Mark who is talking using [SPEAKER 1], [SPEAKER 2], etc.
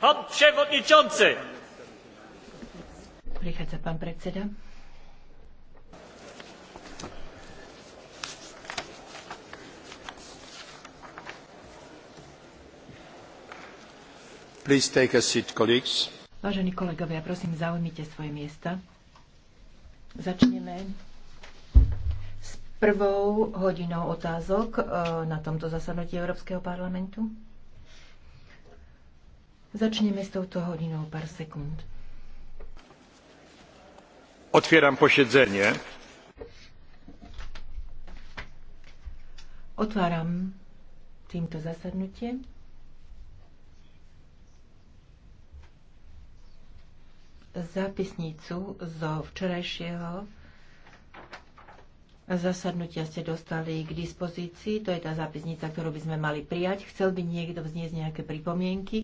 [SPEAKER 1] Pán przewodniczący!
[SPEAKER 2] Prichádza pán predseda.
[SPEAKER 3] Please take a seat, colleagues.
[SPEAKER 4] Vážení kolegovia, prosím, zaujmite svoje
[SPEAKER 5] miesta. Začneme s prvou hodinou otázok eh, na tomto zasadnutí Európskeho parlamentu. Začneme s touto hodinou pár sekúnd.
[SPEAKER 6] Otvieram posiedzenie.
[SPEAKER 5] Otváram týmto zasadnutie. Zápisnicu zo včerajšieho zasadnutia ste dostali k dispozícii. To je tá zápisnica, ktorú by sme mali prijať. Chcel by niekto vzniesť nejaké pripomienky?